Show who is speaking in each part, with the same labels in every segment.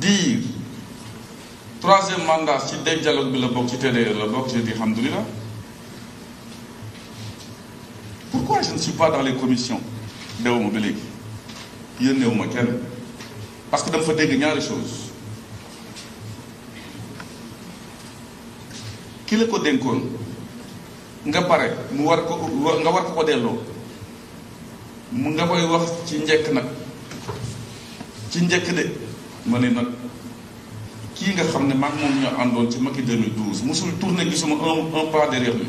Speaker 1: dire troisième mandat ci dégg bi la bokk ci TDR la bokk je dis alhamdulillah pourquoi je ne suis pas dans les commissions dewuma ba léegi yónneewuma kenn parce que dama fa dégg ñaari chose ki la ko dénkoon nga pare mu war ko nga war ko ko delloo mu nga koy wax ci njëkk nag ci njëkk de ma ne nag kii nga xam ne maag moom ñoo àndoon ci Macky 2012 mosul tourné gisuma un un pas derrière lui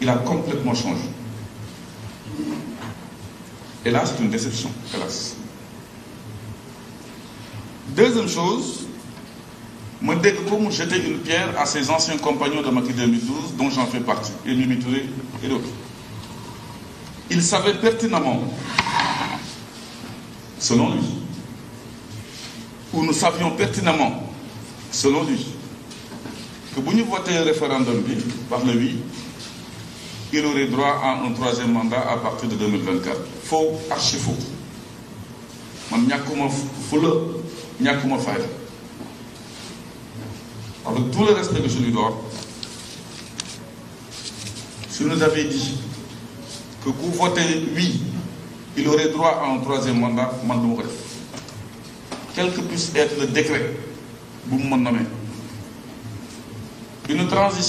Speaker 1: il a complètement changé et la c'est une déception hélas deuxième chose ma dégg ko mu jeter une pierre à ses anciens compagnons de Macky 2012 dont j'en fais partie et Mimi Touré et d'autres il savait pertinemment selon lui, où nous savions pertinemment, selon lui, que si nous votions un référendum par le oui, il aurait droit à un troisième mandat à partir de 2024. Faux, man ñàkkuma fulla ñàkkuma fayda avec tout le respect que je lui si nous avait dit que ku voté oui il aurait droit à un troisième mandat man du ma ko def quel que puisse être le décret bu mu ma une transition